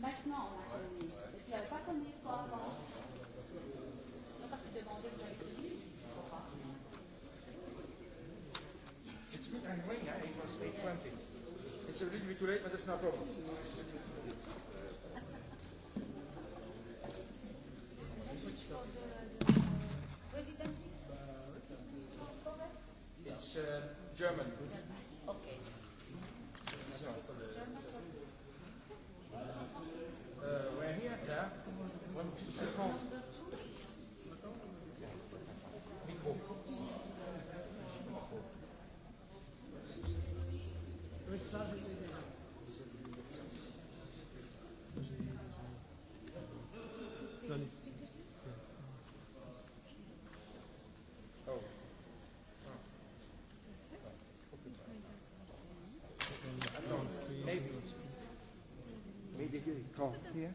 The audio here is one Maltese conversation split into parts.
Maintenant, on a connu. Vous n'avez pas connu It's good and when, yeah, it It's a little bit too late, but that's no problem. It's uh, German. Okay. Oh, yeah.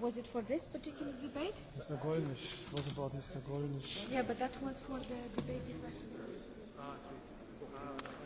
Was it for this particular debate? Mr. Golnish. What about Mr. Golnish? Yeah, but that was for the debate Ah, afternoon. Ah,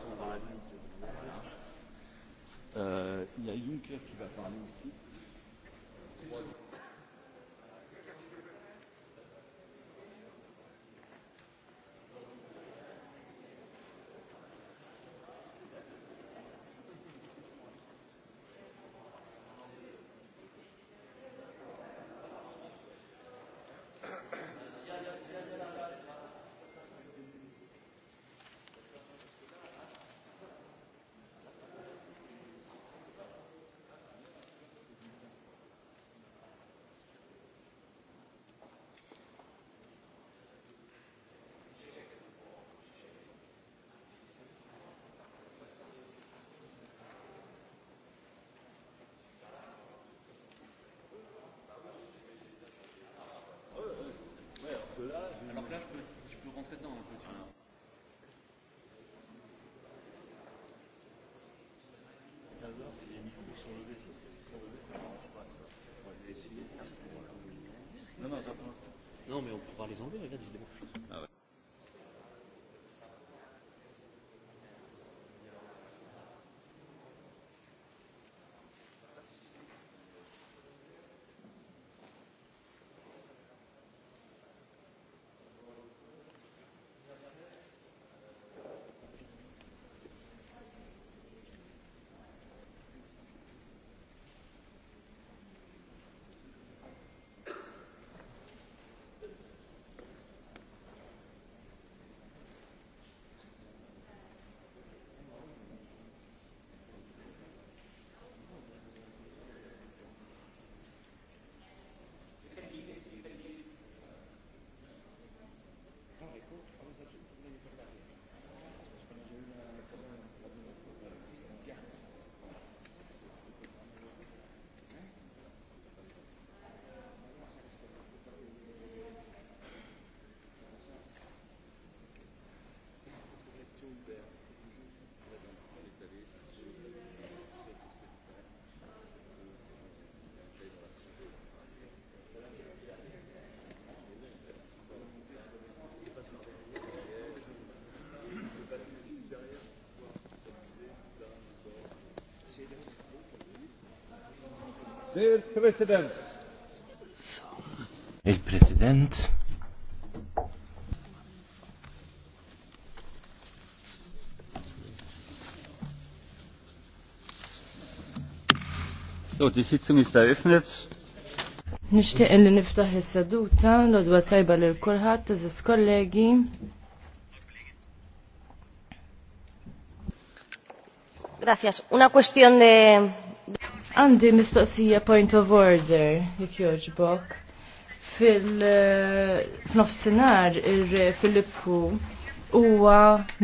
sont dans la ligne de euh, Il y a Juncker qui va parler aussi. Alors que là, je peux, je peux rentrer dedans un peu, tu vois. si les micros sont levés. Sont levés ça marche pas. non, non, non, mais on peut parler enlever regarde, ils se débrouillent. Ah ouais. Il-President. Il-President. So, di Sitzung ist eröffnet. Nishtiq li niftaħ is-seduta l-odwa tajba lil kulħadd iżis kollegi. Gracias. Una cuestión de Għandi mistoqsija point of order, jek joġbok. Fil-nofsinar eh, ir-Filippu huwa